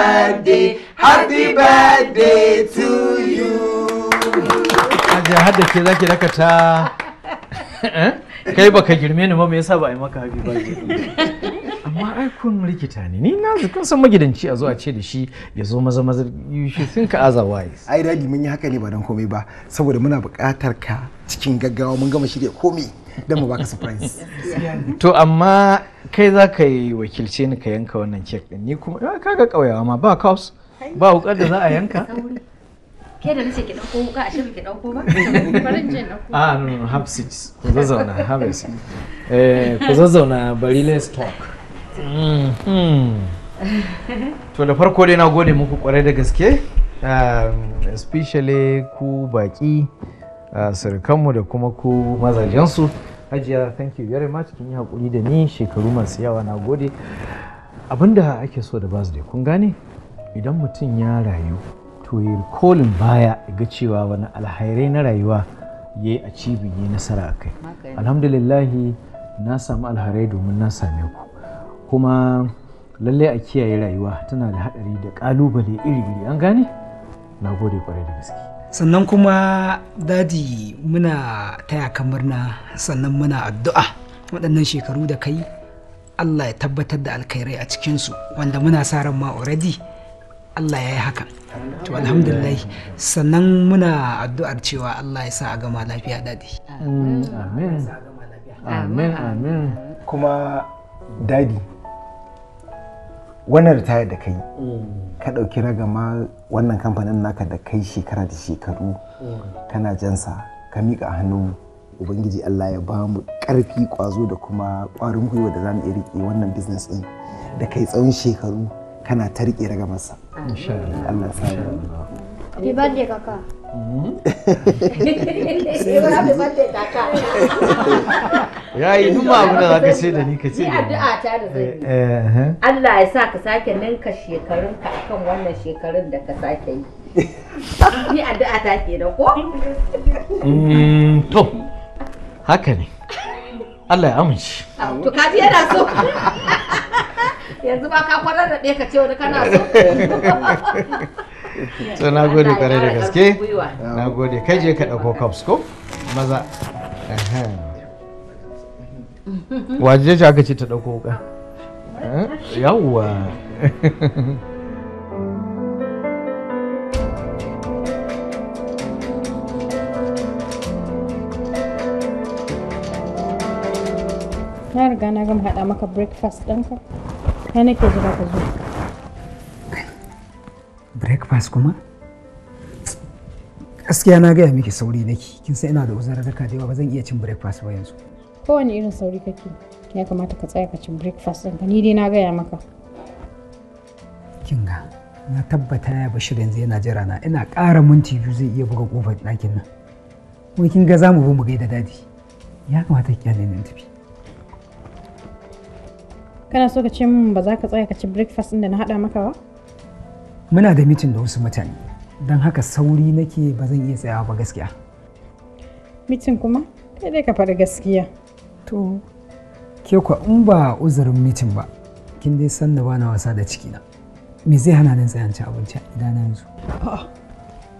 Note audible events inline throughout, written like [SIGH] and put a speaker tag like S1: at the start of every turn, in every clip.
S1: birthday, happy birthday
S2: to you.
S3: Aje hada ke zaki raka ta [LAUGHS] eh? kai baka girme ni ba me yasa ba a yi maka happy
S2: birthday. Amma ai
S3: rikita ne ni na kun san magidanci a zo a ce da shi ya zo maza maza you should think
S1: otherwise. Ai dadi mun yi haka ne ba don komai ba saboda muna buƙatar ka cikin gaggawa mun gama
S3: shirya komai. don mu baka surprise to amma kai za ka yi wakilce ni ka yanka wannan kek din ni kuma ah, kaga kauyawa ma ba kaus ba wukar da za a yanka
S4: ke da nace ki dauko wuka a shirin ki dauko ba farin jin dauko
S3: ah no no have six. ku zazzauna have a eh ku zazzauna bari let's talk mm, hmm. to da farko dai na gode muku kwarai da gaske um, especially ku baki uh, sirkanmu da kuma ku mazajensu hajiya thank you very much yi hakuri da ni shekaru masu yawa na gode da ake so da birthday kun gane idan mutum ya rayu to yi kolin baya ga cewa wani alhairai na rayuwa ya yi a cibin ya nasara a kai alhamdulillahi na samu alhairai domin na same ku kuma lallai a kiyaye rayuwa tana da haɗari da ƙalubale iri-iri an gane na gode kwarai da gaske
S2: sannan kuma dadi muna taya kamar na sannan muna addu'a waɗannan shekaru da kai Allah ya tabbatar da alkhairai a cikinsu wanda muna sa ran ma already Allah ya yi hakan to alhamdulillah sannan muna addu'ar cewa Allah ya sa a gama lafiya dadi amin amin amin kuma dadi
S1: wannan ritaya da kai mm. ka ɗauki ragama wannan kamfanin naka da kai shekara da shekaru mm. kana jansa ka miƙa hannu. ubangiji allah ya ba mu ƙarfi ƙwazo da kuma ƙwarin gwiwa da za mu iya riƙe wannan business ɗin da kai tsawon shekaru kana ta riƙe ragamarsa allah ya sa
S5: Happy birthday kaka.
S3: [LAUGHS] ya yi duk abu da ka ce da ni ka ce ni addu'a ta da zai eh, eh, eh.
S4: Allah ya sa ka sake ninka shekarun ka akan wannan shekarun da ka sake yi [LAUGHS] ni addu'a ta ke da ko
S3: mm, to haka ne Allah ya amince
S4: to kaji yana so [LAUGHS] yanzu ba ka kwarar da ɗaya ka ce wani kana so
S3: so na gode kwarai da gaske na gode kai je ka dauko cups ko maza waje ce aka ce ta ɗauko wuka eh? yawwa
S5: na riga na gama haɗa maka breakfast ɗinka ya nake jira ka zo
S2: breakfast kuma gaskiya na gaya miki sauri nake kin san ina da uzurarraka da yawa ba zan iya cin breakfast ba yanzu
S5: kowane irin sauri kake ya kamata ka tsaya ka cin breakfast ɗinka ni dai na gaya
S2: maka kinga na tabbata ya bashir yanzu yana jira na ina ƙara minti biyu zai iya buga kofar ɗakin nan kuma kin ga zamu bi mu gaida dadi ya kamata ki kyale nan tafi
S5: kana so ka ce min ba za ka tsaya ka ci breakfast ɗin da na haɗa maka ba
S2: muna da mitin da wasu mutane don haka sauri nake ba zan iya tsayawa ba gaskiya
S5: mitin kuma dai ka faɗi gaskiya to
S2: ke kwa in ba uzurin mitin ba kin dai san da bana wasa da cikina me zai hana nan tsayan ci abinci idan na yanzu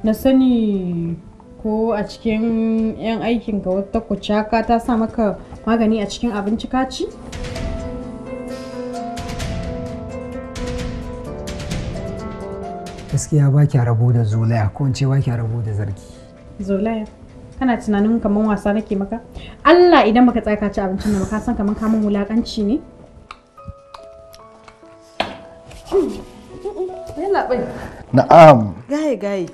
S5: na sani ko a cikin 'yan aikinka wata kucaka ta sa maka magani a cikin abinci ka ci?
S2: gaskiya ba ki rabo da zolaya ko in ce ba ki rabo da zargi
S5: zolaya kana tunanin kaman wasa nake maka Allah idan baka tsaya ka ci abincin nan ka san kaman ka mun wulakanci ne
S6: hmm. Yana bai na'am gaye gaye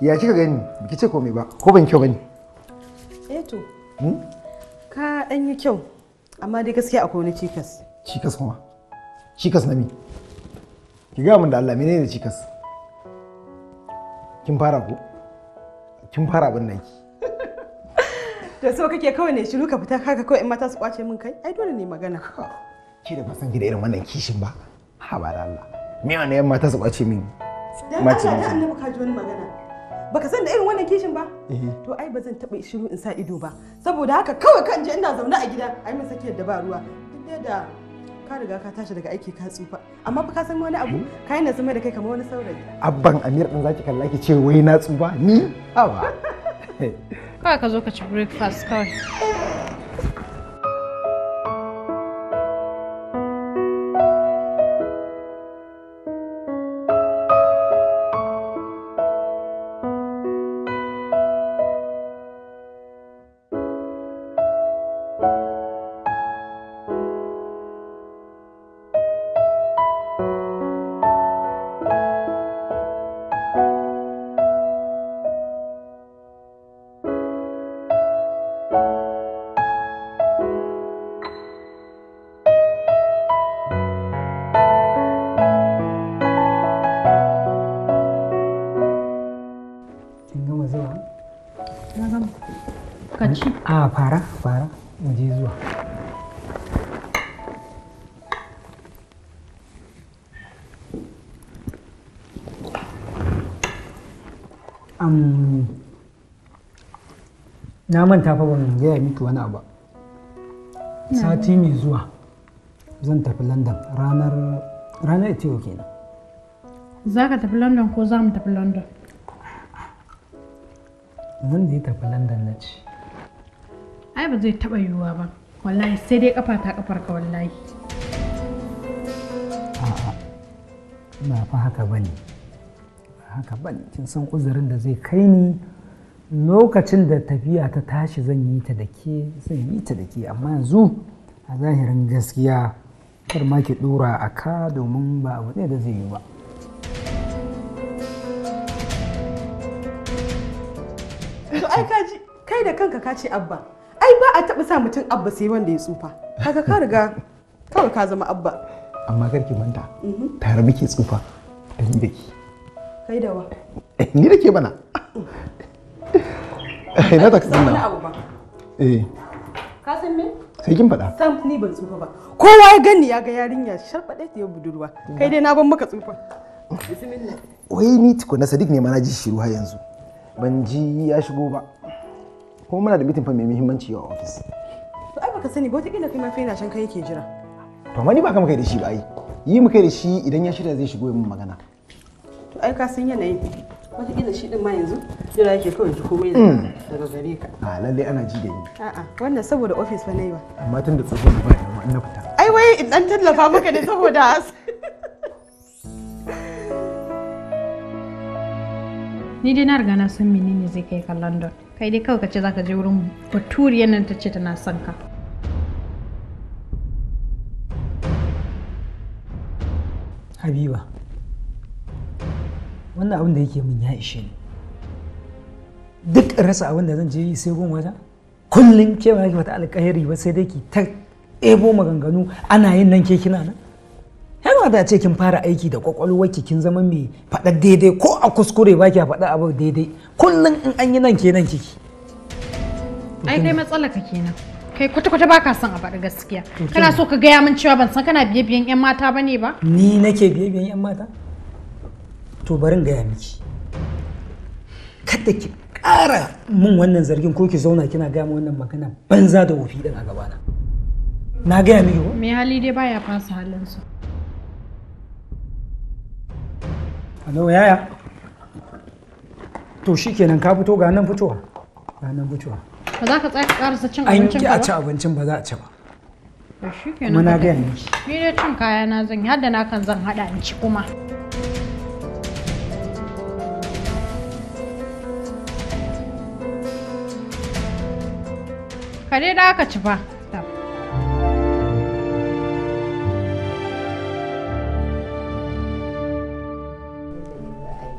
S1: ya kika gani biki ce komai ba ko ban kyau bane eh to hmm?
S6: ka dan yi kyau amma dai gaskiya akwai wani cikas
S1: cikas kuma cikas na mi ki ga mun da Allah menene cikas kin fara ko kin fara abin nan ki
S6: to so kake kawai ne shiru ka fita haka kawai in mata su kwace min kai ai dole ne magana
S1: ki da fasan ki da irin wannan kishin ba ha ba da Allah me wannan yan mata su kwace min mace ne annabi
S6: ka ji wani magana baka san da irin wannan kishin ba eh. to ai ba zan taba shiru in sa ido ba saboda haka kawai kan je ina zauna a gida ai mun sake da ba ruwa duk da ka riga ka tashi daga aiki ka tsufa amma fa ka san wani abu hmm? ka yana zama da kai kamar wani saurayi
S1: abban amir dan zaki kalla ki ce wai na tsufa ni haba [LAUGHS]
S5: kawai ka zo ka ci breakfast kawai [LAUGHS]
S2: a fara fara in je zuwa na manta fa ban gaya miki wani abu sati mai zuwa zan tafi london ranar ranar itiyo kenan
S5: za ka tafi london ko za mu tafi london
S2: zan je tafi london na ce
S5: ai ba zai taɓa yiwuwa ba wallahi sai dai kafa ta kafar ka wallahi
S2: a'a ba fa haka bane ba haka bane kin san uzurin da zai kai ni lokacin da tafiya ta tashi zan yi ta da ke zan yi ta da ke amma yanzu a zahirin gaskiya kar ma ki dora a ka domin ba abu ne da zai yi ba
S6: ai kaji kai da kanka ka ce abba ai ba a taɓa sa mutum abba sai wanda ya tsufa kaga ka riga kawai ka zama abba
S2: amma
S1: karki manta tare muke tsufa da ni da kai da wa eh, ni da ke bana ai eh, na taksi na eh ka san me sai kin faɗa
S6: sam ni ban tsufa ba kowa ya gani ya ga yarinya sharbaɗe ta ya budurwa kai dai na ban maka tsufa bismillah
S1: wai ni tukuna sadiq ne ma na ji shiru har yanzu ban ji ya shigo ba kuma muna da mitin fa mai muhimmanci a ofis
S6: to ai baka sani ba kila kai ma fa yana can kai yake jira
S1: to amma ni ba kama kai da shi ba ai yi mu kai da shi idan ya shirya zai shigo yin magana
S6: to ai ka san yanayi kila shi din ma yanzu jira yake kawai ji komai mm. daga gare
S1: ka a lalle ana ji da ni
S6: a'a wannan saboda ofis fa nayi ba
S1: amma tun da tsohon ba da amma ina fita
S6: ai wai in dan tallafa maka ne saboda
S5: ni dai na riga na san menene zai kai ka London kai dai kawai ka ce zaka je wurin baturiyar nan ta ce tana son ka
S2: habiba wannan abin da yake min ya ishe ni duk rasa abin da zan je yi sai goma ta kullum ke ba ki fata alkhairi ba sai dai ki ta ebo maganganu ana yin nan ke kina nan yan wata ce kin fara aiki da ki kin zama mai faɗa daidai ko a kuskure ba ki faɗa abu daidai kullum in an yi nan kenan kiki
S5: ai kai matsala ka kenan kai kwata-kwata ba ka son a faɗi gaskiya kana so ka gaya min cewa ban san kana biye-biyen 'yan mata ba ne
S2: ba ni nake biye-biyen 'yan mata to barin gaya miki kada ki ƙara min wannan zargin ko ki zauna kina gaya min wannan magana banza da wofi din a gabana na gaya miki ko
S5: me hali dai baya fasa halinsa
S2: Hello, yaya? to shikenan ka fito ga nan fitowa ga nan fitowa
S5: ba za ka tsaya ka karasa cin abincin ba an ki a ci
S2: abincin ba za a ci
S5: ba muna gaya miki ni dai cin kaya na zan hadda na kan zan hada in ci kuma ka dai da ka ci fa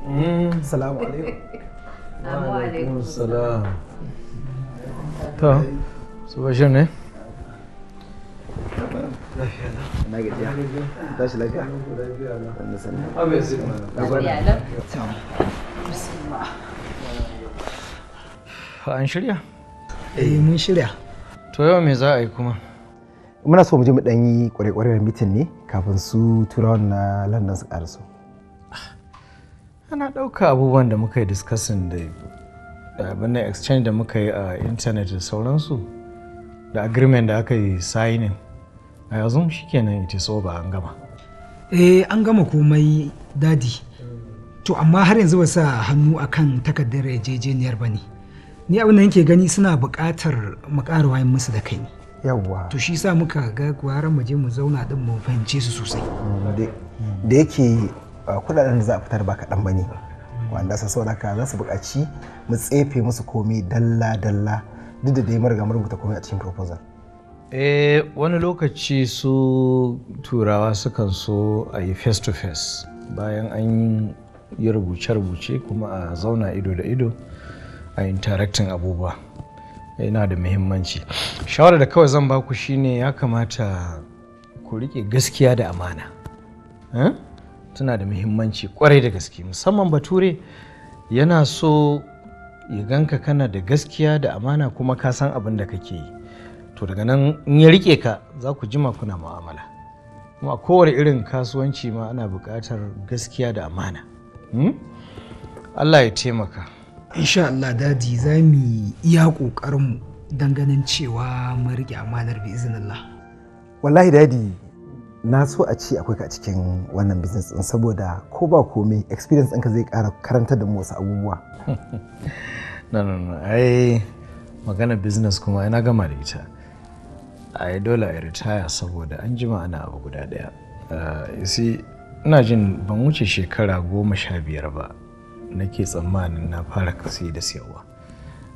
S3: hmm. Salamu alaikum. to su bashir ne an shirya? eh mun shirya to yau me za a yi kuma
S1: muna so mu je mu ɗan yi kwarekwarar mitin ne kafin su
S3: turawan na london su ƙarasu ana ɗauka abubuwan da muka yi discussing da abin exchange da muka yi a intanet da sauransu da agreement da aka yi signing a yanzu kenan ita so ba an gama
S2: eh an gama komai dadi to amma har yanzu ba sa hannu akan takardar yarjejeniyar ba ne ni abin da nake gani suna buƙatar mu ƙara wayan musu da kai yawwa to shi sa muka ga gwara mu je mu zauna din mu fahimce su sosai
S1: mm, da yake kudaden da za a fitar ba kaɗan ba ne wanda sa saboda za su buƙaci mu tsefe musu komai dalla dalla duk da dai marga rubuta komai a cikin proposal
S3: eh wani lokaci su turawa sukan so a yi face to face bayan an yi rubuce-rubuce kuma a zauna ido da ido a interacting abubuwa yana da muhimmanci Shawara da kawai zan baku shine ya kamata ku riƙe gaskiya da amana eh? tana da muhimmanci kwarai da gaske musamman bature yana so ya ganka kana da gaskiya da amana kuma ka san abin da kake yi to daga nan in ya rike ka za ku jima kuna mu'amala kuma a kowane irin kasuwanci ma ana buƙatar gaskiya da amana hmm? Allah ya taimaka
S2: insha Allah daji za mu iya ƙoƙarinmu don ganin cewa mun rike amanar bi izinillah
S1: wallahi dadi na so a ce akwai ka cikin wannan business din saboda ko ba komai experience ɗinka zai ƙara karantar da mu wasu abubuwa
S3: [LAUGHS] no no no ai magana business kuma ina gama da ita ai dole a retire saboda an jima ana abu guda ɗaya uh, ina jin ban wuce shekara goma sha biyar ba nake tsammanin na fara kasi da siyarwa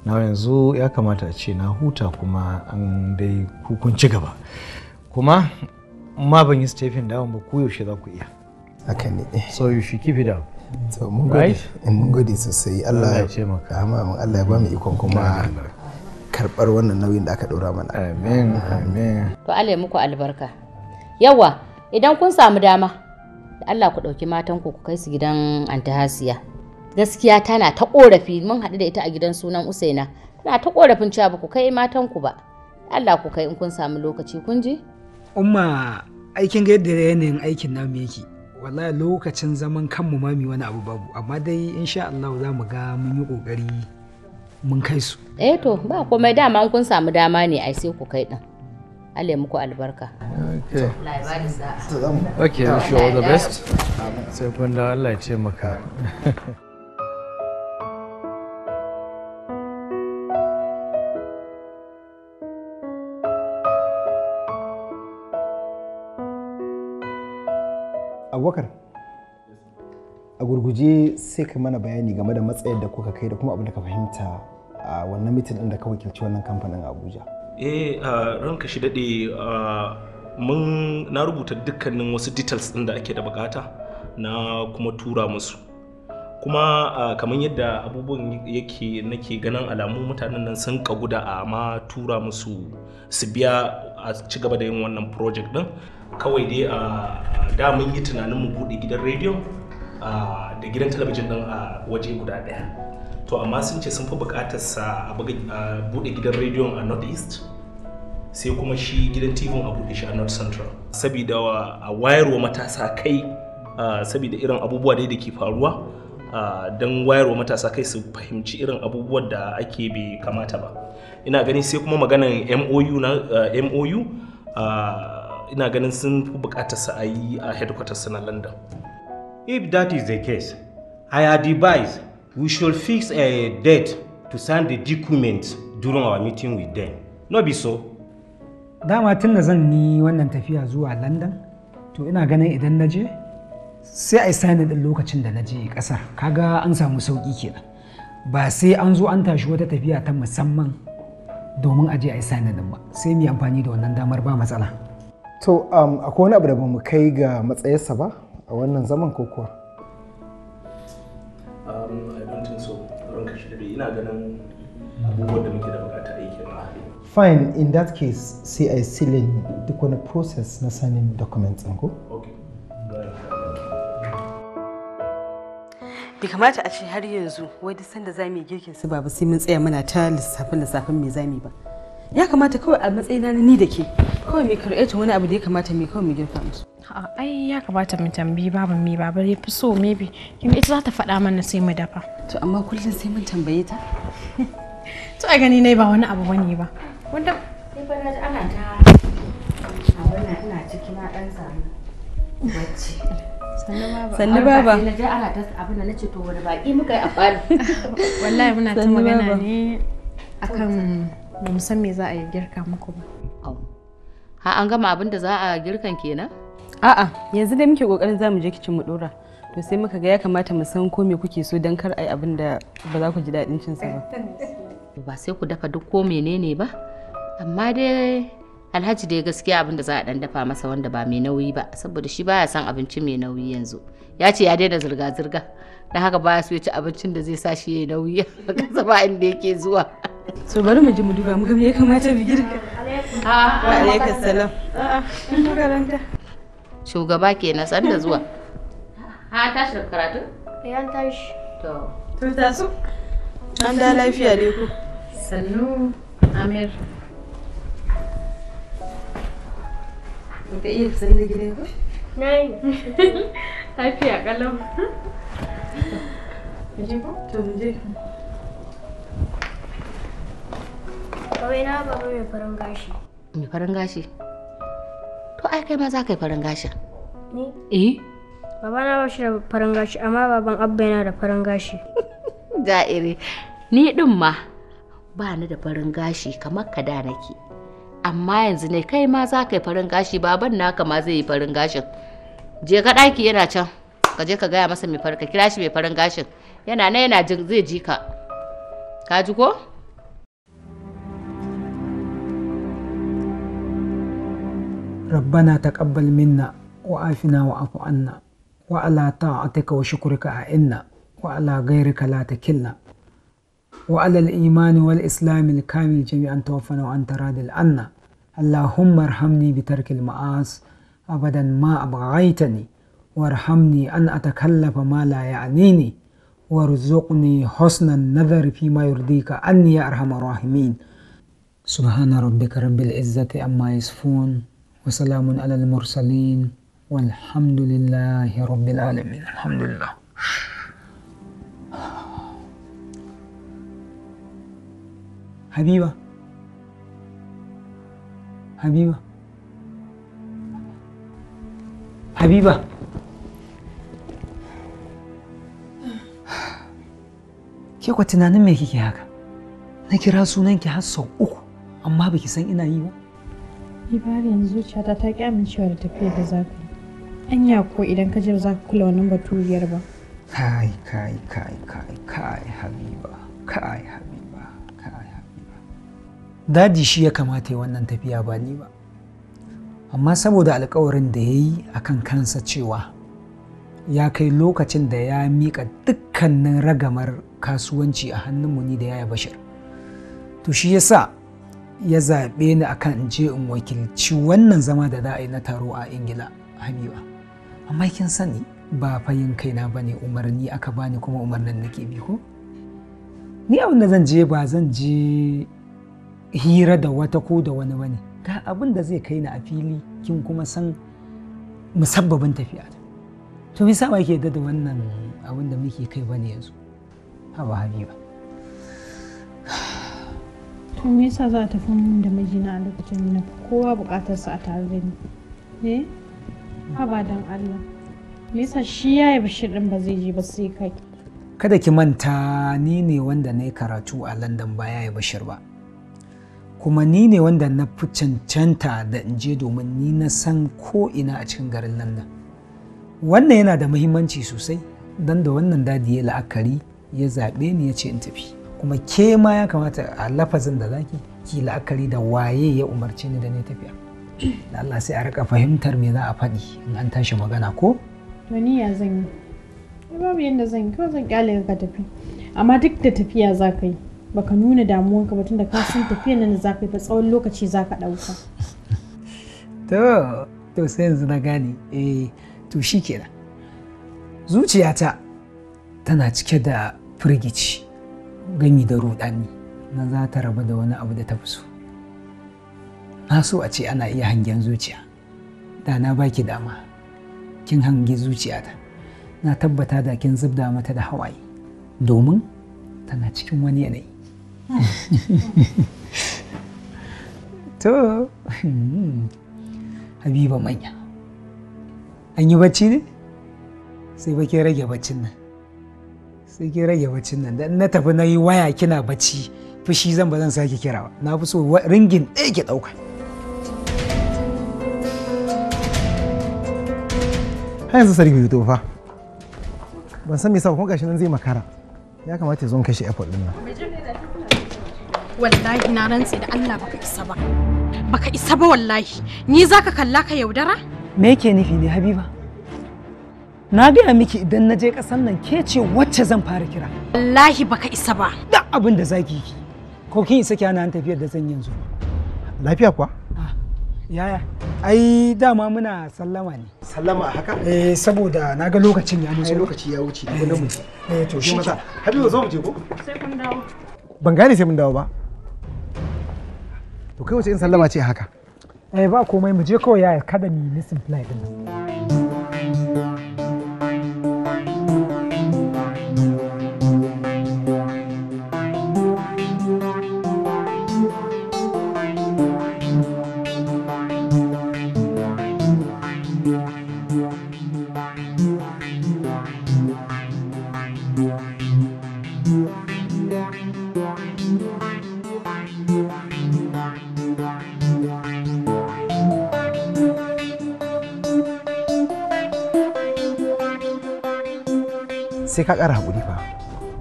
S3: na yanzu ya kamata a ce na huta kuma an dai hukunci gaba kuma ma ban yi stephen down ba koyaushe za ku iya haka ne so you should keep it up so mun gode eh, mun gode sosai
S1: Allah ya ce maka amma Allah ya ba mu ikon kuma karbar wannan nauyin da aka dora mana
S3: amin amin
S4: to Allah ya muku albarka yawa idan kun samu dama da Allah ku dauki matan ku ku kai su gidan Anti Hasiya gaskiya tana ta korafi mun haɗu da ita a gidan sunan Usaina tana ta korafin cewa ba ku kai matan ku ba Allah ku kai in kun samu lokaci kun ji
S2: umma aikin ga yadda yanayin aikin namu yake wallahi lokacin zaman kanmu mami wani abu babu amma dai insha Allah za mu ga mun yi kokari mun kai su
S4: eh to ba komai dama kun samu dama ne ai sai ku kai din Allah ya muku albarka okay
S2: okay wish you all the
S3: best sai kun da Allah ya ce maka [LAUGHS]
S1: abubakar a gurguje sai ka mana bayani game da matsayar da kuka kai da kuma abin da ka fahimta a wannan mitin ɗin da ka wakilci wannan kamfanin abuja
S7: eh ranka shi daɗe mun na rubuta dukkanin wasu details ɗin da ake da bukata na kuma tura musu kuma kamar yadda abubuwan yake nake ganin alamu mutanen nan sun ka guda a tura musu su biya a ci gaba da yin wannan project din kawai dai a da mun yi tunanin mu buɗe gidan rediyo da gidan talabijin ɗin a waje guda ɗaya to amma sun ce sun fi buƙatar sa a buɗe gidan rediyon a north east sai kuma shi gidan tv a bude shi a north central saboda a wayarwa matasa kai saboda irin abubuwa dai da ke faruwa don wayarwa matasa kai su fahimci irin abubuwan da ake bai kamata ba ina gani sai kuma maganar mou na mou ina ganin sun fi bukatar su a yi a headquarters na london if that is the case i advise we should fix a date to sign the document during our meeting with them no be so
S2: dama tun da zan yi wannan tafiya zuwa london to ina ganin idan na je sai a sani din lokacin da na je ƙasar kaga an samu sauki kenan ba sai an zo an tashi wata tafiya ta musamman domin aje a yi sanin ba sai mu yi amfani da wannan damar ba matsala
S1: to um, akwai wani abu da mu kai ga matsayarsa ba a wannan zaman ko kuwa
S2: um, so
S7: ina ganin abubuwan da muke da bukata aiki na
S1: fine in that case sai i seal in duk wani process na sanin documents ɗin ko
S6: bai kamata a ce har yanzu wai duk sanda za mu yi girkin su ba sai mun tsaya muna ta lissafin lissafin me za yi ba ya kamata kawai a matsayina ni da ke kawai mai karɓe wani abu da ya kamata mai kawai mai girka musu
S5: ai ya kamata mu tambayi babu mai babar ya fi so maybe kin ita za ta faɗa mana sai mu dafa to amma kullum sai mun tambaye ta [LAUGHS] to a gani nai ba wani abu bane ba wanda
S4: ni ba na ana ta abana ina ciki na dan samu bacci sannu baba na ji ana ta abin [LAUGHS] na ce to wani baki muka yi a falo [LAUGHS] wallahi muna ta magana
S5: ne akan ba mu san me za a yi girka muku
S4: ba ha an gama abin da za a girkan kenan
S5: a'a yanzu dai muke
S6: kokarin za mu je kicin mu dora to sai muka ga ya kamata mu san ko me kuke so dan kar ai abin da
S4: ba za ku ji daɗin cin sa ba ba sai ku dafa duk ko menene ba amma dai alhaji dai gaskiya abin da za a dan dafa masa wanda ba mai nauyi ba saboda shi baya son abinci mai nauyi yanzu ya ce ya daina zirga-zirga don haka baya so ya ci abincin da zai sa shi ya yi nauyi [LAUGHS] a ba inda yake zuwa so bari mu ji mu duba mu ga me ya kamata mu girka
S3: a
S5: alaikum salam
S4: kin makaranta shugaba ke na san da zuwa ha ta tashi karatu eh an ta shi to to ta su
S6: an da lafiya dai
S5: ku sannu amir
S6: Ka iya tsalle gidan ku?
S5: Nai. yi. [LAUGHS] Lafiya kalau. Mu je ko? To mu je. Kawai na baba mai farin gashi.
S4: Mai farin gashi? To ai kai ma za ka yi farin gashin. Ni? Eh? Baba na bashi da farin gashi amma baban Abba yana da farin gashi. [LAUGHS] Ja'iri, ni din ma ba ni da farin gashi kamar ka da nake. Amma yanzu ne kai ma za ka yi farin gashi baban naka ma zai yi farin gashin. Je ka ɗaki yana can. ka je ka gaya masa mai farin ka kira shi mai farin gashin yana na yana zai ji ka ka ji ko
S2: ربنا تقبل منا وعافنا وعف عنا وعلى طاعتك وشكرك أئنا وعلى غيرك لا تكلنا وعلى الإيمان والإسلام الكامل جميعا توفنا وأنت راض عنا اللهم ارحمني بترك المعاص أبدا ما أبغيتني وارحمني أن أتكلف ما لا يعنيني وارزقني حسن النظر فيما يرضيك أني أرحم الراحمين سبحان ربك رب العزة أما يصفون وسلام على المرسلين والحمد لله رب العالمين الحمد لله حبيبة حبيبة حبيبة ke kwa tunanin me kike haka na kira sunanki har sau uku amma baki san ina yi ba
S5: Ni yanzu zuciyata ta ƙi amincewa da tafiya da za ku Anya ko idan ka je ba za ka kula wannan baturiyar ba.
S2: Kai kai kai kai kai Habiba kai Habiba kai Habiba. Dadi shi ya kamata ya wannan tafiya ba ni ba. Amma saboda alkawarin da ya yi a kan kansa cewa ya kai lokacin da ya miƙa dukkanin ragamar kasuwanci a hannun ni da yaya bashir. To shi yasa ya zaɓe ni akan in je in wakilci wannan zama da za a yi na taro a ingila habiba amma kin sani ba fayin kaina ba ne umarni aka bani kuma umarnin nake bi ko ni abin da zan je ba zan je hira da wata ko da wani bane ga abin da zai kai ni a fili kin kuma san musabbabin tafiya to me yasa ba yake da wannan abin da muke kai bane yanzu haba habiba
S5: me yasa za a tafi mun da mijina a lokacin da kowa sa a tare da ni eh ba dan Allah me yasa shi yayi bashir din ba zai je ba sai kai
S2: kada ki manta ni ne wanda na yi karatu a London ba yayi bashir ba kuma ni ne wanda na fi cancanta da in je domin ni na san ko ina a cikin garin London wannan yana da muhimmanci sosai don da wannan dadi ya la'akari ya zaɓe ni ya ce in tafi kuma ke ma ya kamata a lafazin da zaki ki la'akari da waye ya umarce ni da ni tafiya [CLEARS THROAT] da Allah sai a rika fahimtar me za a faɗi in an tashi magana ko
S5: to ni ya zan yi babu yanda zan yi kawai zan kyale ka tafi amma duk da tafiya za ka yi baka nuna ka ba tunda ka san tafiyan nan za ka yi fa tsawon lokaci za ka
S2: ɗauka [LAUGHS] to to sai yanzu na gane eh to shikenan zuciyata tana cike da firgici gami da rudani na za ta rabu da wani abu da ta fi so na so a ce ana iya hangen zuciya da na baki dama kin hangi zuciyata na tabbata da kin zubda mata da hawaye domin tana cikin wani yanayi [LAUGHS] to [LAUGHS] habiba manya an yi bacci ne sai ba rage baccin nan sai ki rage baccin nan dan na tafi na yi waya kina bacci fushi zan ba zan sake kira ba na fi so ringin ɗaya ki ɗauka har
S1: yanzu sarki fito fa ban san me yasa kuma gashi nan zai makara ya kamata ya zo kashe
S2: airport din nan
S5: wallahi na rantse da Allah baka isa ba baka isa ba wallahi ni zaka kalla ka yaudara
S2: me yake nufi ne habiba Na gaya miki idan na je ƙasar nan ke ce wacce zan fara kira. Wallahi baka isa ba. Da abin da zaki ki. Ko kin isa kyana an tafiyar da zan yanzu.
S1: Lafiya kuwa? Ah,
S2: yaya. Ai dama muna sallama ne. Sallama a haka? Eh saboda na ga lokacin ya wuce. lokaci ya wuce. Ko mu je. Eh to shi maza. Habibu zo mu je ko? Sai kun dawo.
S1: Ban gane sai mun dawo ba. To kai wace in sallama ce
S2: haka? Eh ba komai mu je kawai yaya kada mu yi misin flight din.
S1: sai ka kara hakuri fa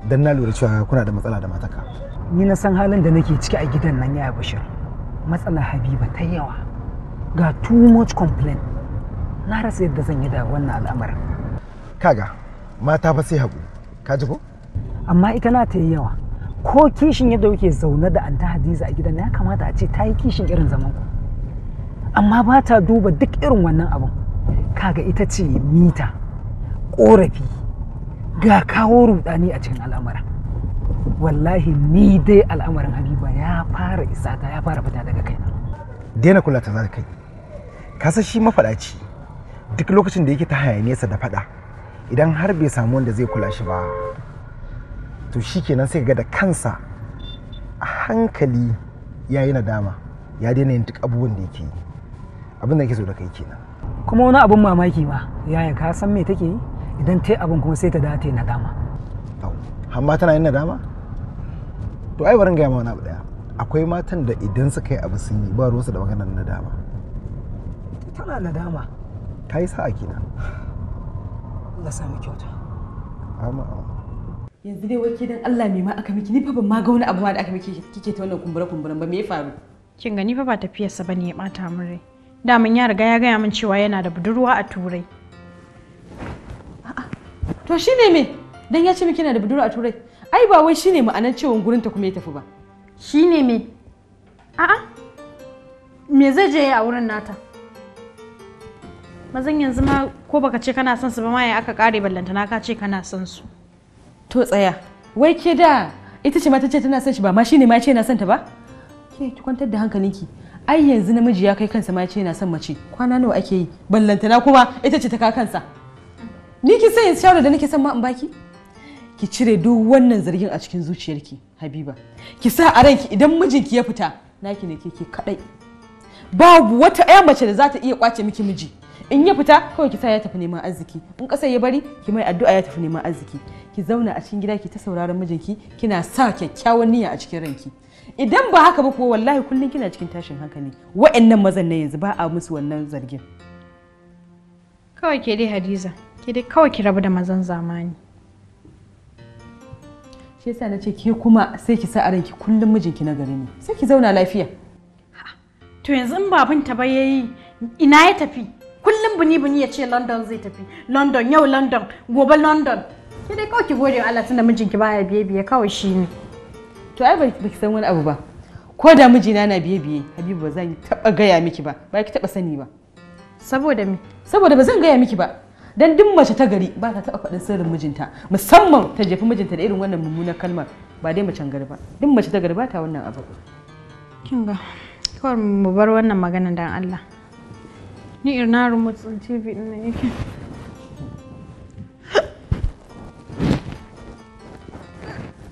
S1: don na lura cewa kuna da matsala da mataka
S2: ni na san halin da nake ciki a gidan nan ya bashir matsala habiba ta yawa ga too much complaint na rasa yadda zan yi da wannan alamar.
S1: kaga mata ba sai haƙuri ka ji ko
S2: amma ita na ta yi yawa ko kishin yadda kuke zaune da anta hadiza a gidan ya kamata a ce ta yi kishin irin zaman ku amma ba ta duba duk irin wannan abun kaga ita ce mita ƙorafi ga kawo rudani a cikin al'amura wallahi ni dai al'amarin habiba ya fara isa ta ya fara fita daga kai.
S1: daina kula ta zaka kai ka san shi mafadaci duk lokacin da yake ta nesa da fada idan har bai samu wanda zai kula shi ba to shikenan sai ga da kansa a hankali ya yi nadama ya daina yin duk abubuwan da yake yi abin da yake so da kai kenan
S2: kuma wani abin mamaki ba yaya ka san me take yi idan ta yi abin kuma sai ta da ta yi nadama
S1: amma tana yin nadama to ai barin gaya ma wani abu daya akwai matan da idan suka yi abu sun yi ba ruwansu da maganar nadama
S2: tana nadama
S1: ta yi sa'a kina Allah samu kyauta amma
S6: yanzu dai wake dan Allah mai ma aka
S5: miki ni fa ban ma ga wani abu ma da aka miki kike ta wannan kumbura kumburan ba me ya faru kin gani ni fa ba tafiyarsa bane ya bata min rai daman ya riga ya gaya min cewa yana da budurwa a turai to shine me dan ya ce miki na da budurwa a turai ai ba wai shine ma'anar cewa gurin ta kuma ya tafi ba shine me a'a me zai je a wurin nata mazan yanzu ma ko baka ce kana son su ba ma ya aka kare ballantana ka ce kana son su to tsaya wai ke da
S6: ita ce mata ce tana son shi ba ma shine ma ce na son ta ba ke ki kwantar da hankalinki ai yanzu namiji ya kai kansa ma ce na son mace kwana nawa ake yi ballantana kuma ita ce ta ka kansa ni ki sai shawara da nake son ma in baki ki cire duk wannan zargin a cikin zuciyarki habiba ki sa a ranki idan mijinki ya fita naki ne ke ke kadai babu wata ƴa mace da za ta iya kwace miki miji in ya fita kawai ki sa ya tafi neman arziki in ƙasa ya bari ki mai addu'a ya tafi neman arziki ki zauna a cikin gida ki ta sauraron mijinki kina sa kyakkyawan niyya a cikin ranki idan ba haka ba kuwa wallahi kullum kina cikin tashin hankali wa'annan mazan na yanzu ba a musu wannan zargin
S5: Kawai ke dai Hadiza, ke dai kawai ki rabu da mazan zamani. Shi yasa na ce
S6: ke kuma sai ki sa a ranki kullum mijinki na gari ne. Sai ki zauna lafiya.
S5: To yanzu in babin ta ba yayi ina ya tafi? Kullum buni buni ya ce London zai tafi. London yau London, gobe London. Ke dai kawai ki gode wa Allah tunda mijinki baya biye biye kawai shi ne. To ai ba ki san wani abu ba. Ko da mijina na biye biye, Habibu ba zan taɓa
S6: gaya miki ba, ba ki taɓa sani ba. Saboda mi Saboda ba zan gaya miki ba. Dan duk mace ta gari ba ta taɓa faɗin sirrin mijinta musamman ta jefi mijinta da irin wannan mummunar kalmar ba dai mace gari ba. Duk mace ta gari ba ta wannan abu.
S5: Kin ga kawai mu bar wannan magana dan Allah. Ni irin rumu rumutsin TV din ne yake.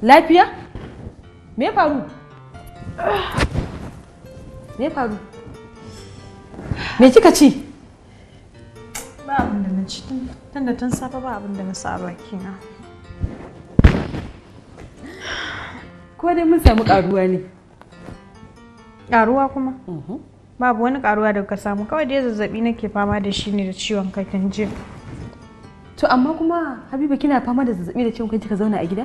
S5: Lafiya?
S6: Me faru? Me faru?
S5: Me kika ci? ba abin da na ci tun da tun safe ba abin da na sa Ko dai mun samu karuwa ne. Karuwa kuma? Mm-hmm. Babu wani karuwa da ka samu kawai dai zazzabi nake fama da shi ne da ciwon kai kan jiya.
S6: To amma kuma Habiba kina fama da zazzabi da ciwon kai kika zauna a gida?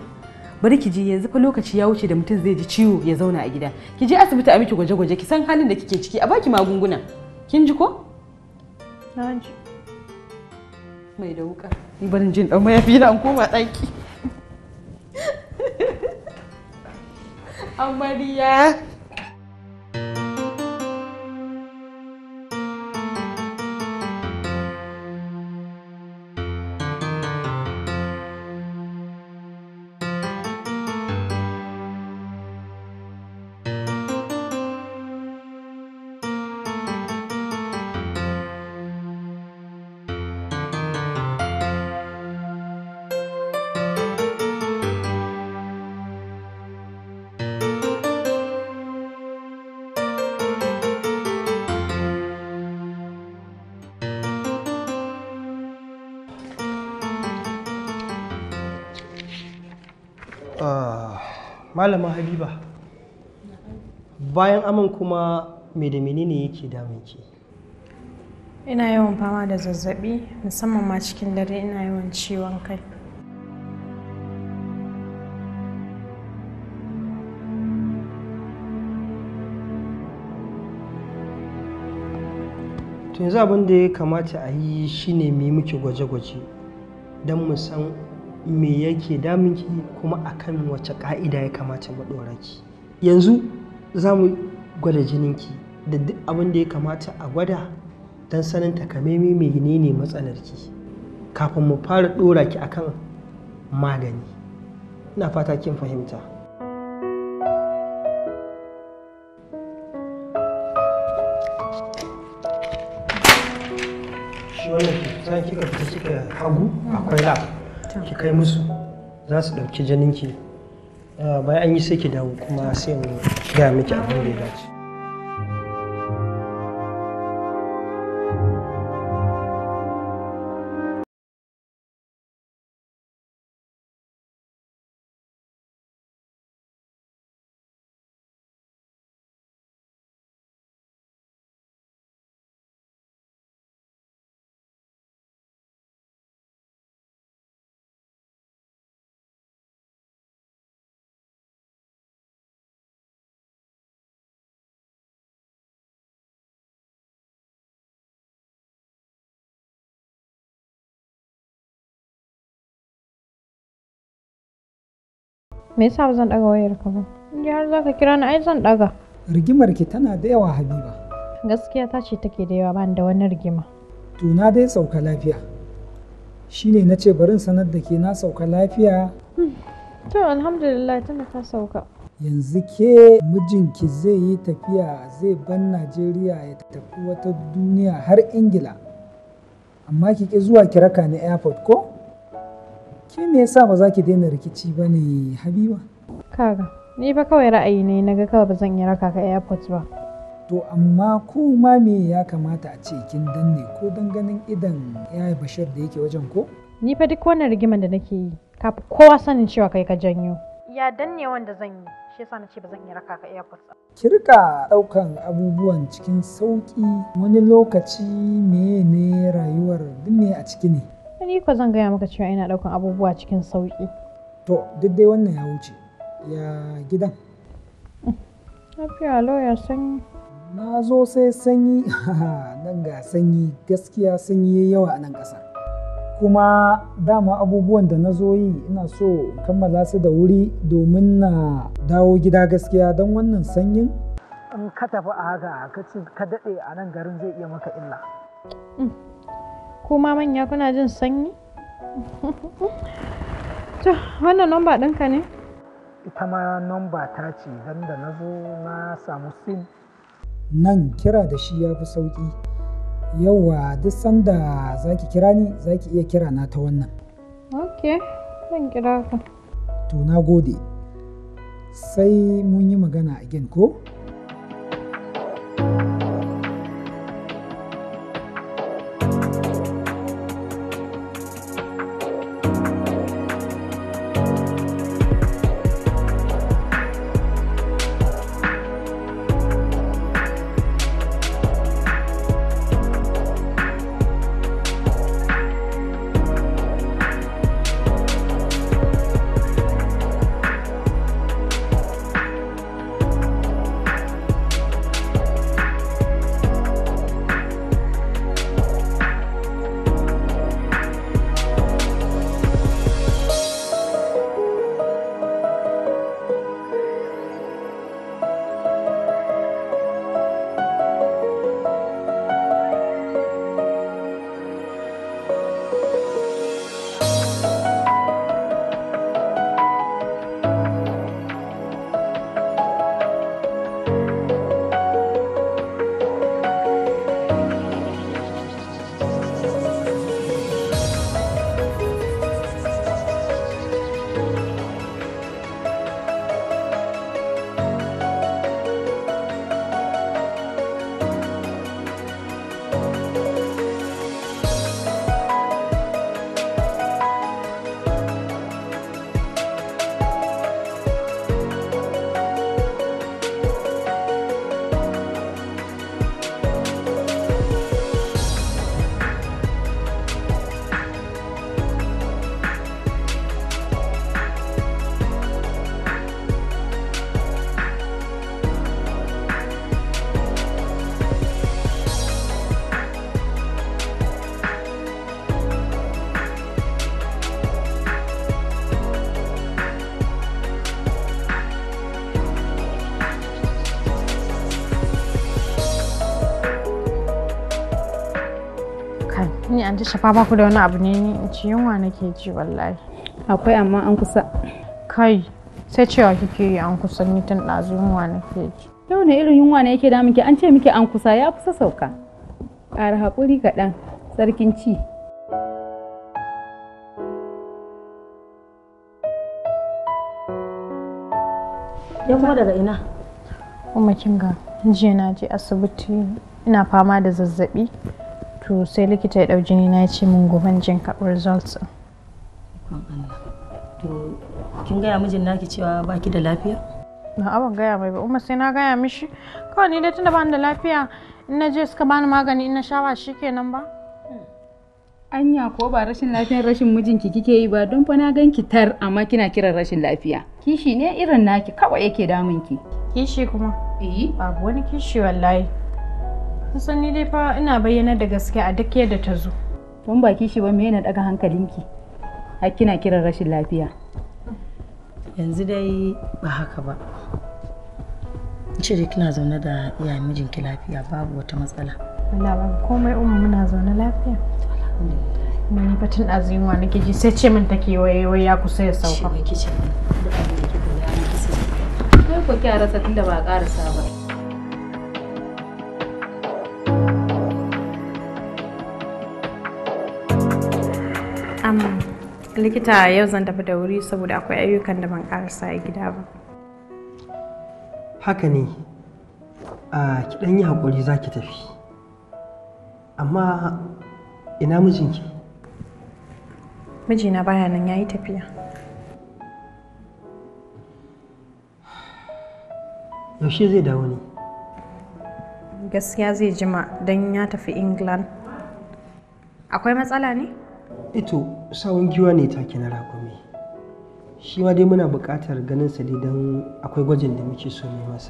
S6: bari ki ji yanzu fa lokaci ya wuce da mutum zai ji ciwo ya zauna a gida ki je asibiti a miki gwaje-gwaje ki san halin da kike ciki a baki magunguna kin ji ko na ji mai da wuka ni barin jin dan mayafi na an koma daki [LAUGHS] amariya
S8: malama habiba bayan aman kuma me da menene yake damunki
S5: ina yawan fama da zazzabi musamman ma cikin dare ina yawan ciwon kai
S8: Tun yanzu abin da ya kamata a yi shine mu yi miki gwaje-gwaje don mu san me yake damunki kuma akan wace ka'ida ya kamata mu ɗora ki yanzu za mu gwada ki, da duk abin da ya kamata a gwada don sanin ne matsalar matsalarki kafin mu fara ɗora ki akan magani ina fata kin fahimta shi wannan kika fita kika hagu akwai lab ki kai musu za su ɗauki janinki ah, bayan an yi sai ki dawo kuma sai mu gaya miki abin da ya dace
S3: me yasa ba zan daga
S5: wayar ka ba indai har zaka kira ni ai zan daga
S2: rigimar ki tana da yawa habiba
S5: gaskiya ta ce take da yawa bani da wani rigima
S2: to na dai sauka lafiya shine na ce barin sanar da ke na sauka lafiya
S5: hmm. to alhamdulillah tana ta
S2: sauka yanzu ke mijinki zai yi tafiya zai ban najeriya ya tafi wata duniya har ingila amma ki ki zuwa kiraka na airport ko Ke me yasa ba za ki daina rikici ba ne Habiba?
S5: Kaga, ni fa kawai ra'ayi ne na ga kawai ba zan iya raka ka airport ba.
S2: To amma ko ma me ya kamata a ce kin danne ko don ganin idan ya Bashir da yake wajen ko?
S5: Ni fa duk wannan rigiman da nake yi, fi kowa sanin cewa kai ka janyo. Ya danne wanda zan yi, shi yasa na ce ba zan iya raka ka airport ba.
S2: Ki rika ɗaukan abubuwan cikin sauƙi wani lokaci ne ne rayuwar duniya a ciki ne. Ni ko zan gaya
S5: maka cewa ina daukan abubuwa cikin sauki To, duk dai wannan ya wuce. Ya
S2: gidan? Lafiya lauya sanyi. Na zo sai sanyi, [LAUGHS] nan ga sanyi, gaskiya sanyi yawa a nan ƙasar. kuma dama abubuwan da na zo yi ina so in kammala su da wuri domin na dawo gida gaskiya don wannan sanyin in ka tafi a haka ka daɗe a nan garin zai iya maka illa
S5: mm. kuma manya kuna jin sanyi
S2: [LAUGHS]
S5: to wannan nomba ɗinka ne
S2: ita ma nomba ta ce don da na zo na samu sin nan kira da shi ya fi sauƙi yauwa duk sanda za ki kira ni za ki iya kira na ta wannan
S5: ok zan kira ka
S2: to na gode sai mun yi magana again ko?
S5: shafa ba ku da wani abu ne ni in ci yunwa nake ji wallahi akwai amma an kusa kai sai cewa kike yi an kusa ni tun ɗazu yunwa nake ji yau ne irin yunwa ne yake da muke an ce miki an kusa ya kusa sauka ƙara haƙuri kaɗan sarkin ci
S6: ya kuma daga ina
S5: kuma kinga jiya na je asibiti ina fama da zazzabi to sai likita ya dau jini na ce mun goban jin karɓar results to kin gaya mijin naki cewa baki da lafiya na ban gaya mai ba umma sai na gaya mishi kawai ni dai tunda bani da lafiya in na je suka bani magani in na sha ba shikenan ba
S6: anya ko ba rashin lafiyar rashin mijinki kike yi ba don fa na ganki tar amma kina kiran rashin lafiya
S5: kishi ne irin naki kawai yake damunki kishi kuma eh babu wani kishi wallahi Kusan ni dai fa ina bayyana da gaske a duk yadda ta zo.
S6: Tun baki shi ba me yana daga hankalinki? Har kina kiran rashin lafiya.
S5: Yanzu dai ba haka
S6: ba. Ce dai kina zaune da iyayen mijinki lafiya babu wata
S5: matsala. Allah ba komai umma muna zaune lafiya. Kuma ni fatin aziyuwa nake ji sai ce min take waye waye ya kusa ya sauka. Shi ne kice. ko rasa tunda ba ƙarasa ba. likita yau zan tafi da wuri saboda akwai ayyukan da ban karasa a gida ba
S8: haka ne a kiɗan yi haƙuri za ki tafi amma ina mijinki
S5: mijina baya nan ya yi tafiya
S8: yaushe zai dawo ne
S5: gaskiya zai jima don ya tafi england akwai matsala ne?
S8: ito sawun giwa ne take na rakumi shi ma dai muna buƙatar ganin sa don akwai gwajin da muke so mai masa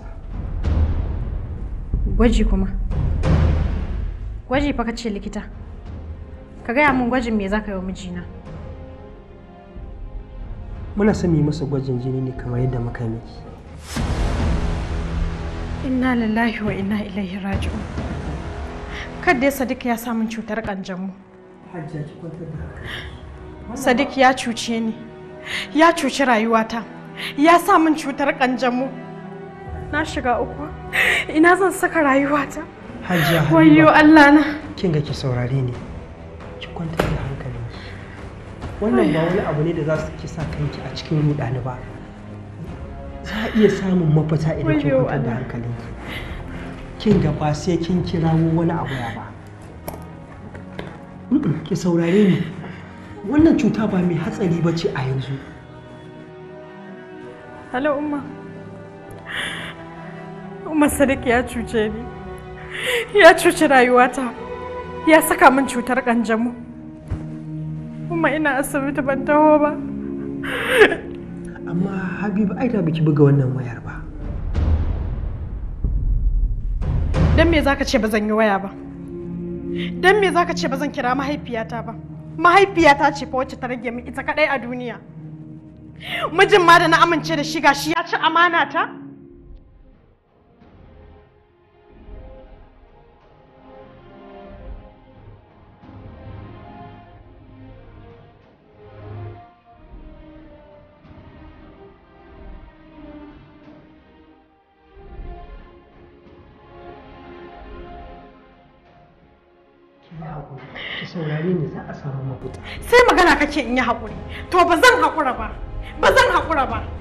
S5: gwaji kuma gwaji fa ce likita ka gaya mun gwajin me zaka yi wa mijina
S8: muna son yi masa gwajin jini ne kamar yadda muka miki
S5: inna lillahi wa inna ilaihi raji'un kadda ya sadika ya samun cutar kanjamu Sadiq ya cuce ni. Ya cuci rayuwata. Ya sa min cutar kanjamu. Na shiga uku. Ina zan saka rayuwata.
S8: Hajja. Wayyo Allah na. Kin ga ki saurare ni. Ki kwantar da hankali. Wannan ba wani abu ne da za su ki sa kanki a cikin rudani ba. Za a iya samun mafita idan kin kwanta da hankali. Kin ga ba sai kin kirawo wani abu ya ba. ki saurare ni wannan cuta ba mai hatsari ba ce a yanzu Hello umma
S5: umma sadiq ya cuce ni ya cuci rayuwata ya saka min cutar kanjamu umma
S8: ina asibiti ban taho ba amma habibu ai da biki buga
S2: wannan wayar ba
S5: dan me zaka ce ba zan yi waya ba don me za ka ce ba zan kira mahaifiyata ba mahaifiyata ce fa wacce ta rage min ita kaɗai a duniya mijin ma da na amince da shiga shi ya ci amana ta
S8: haƙuri ne za a samu mafita sai
S5: magana
S3: kake in yi hakuri to ba zan haƙura ba ba zan haƙura ba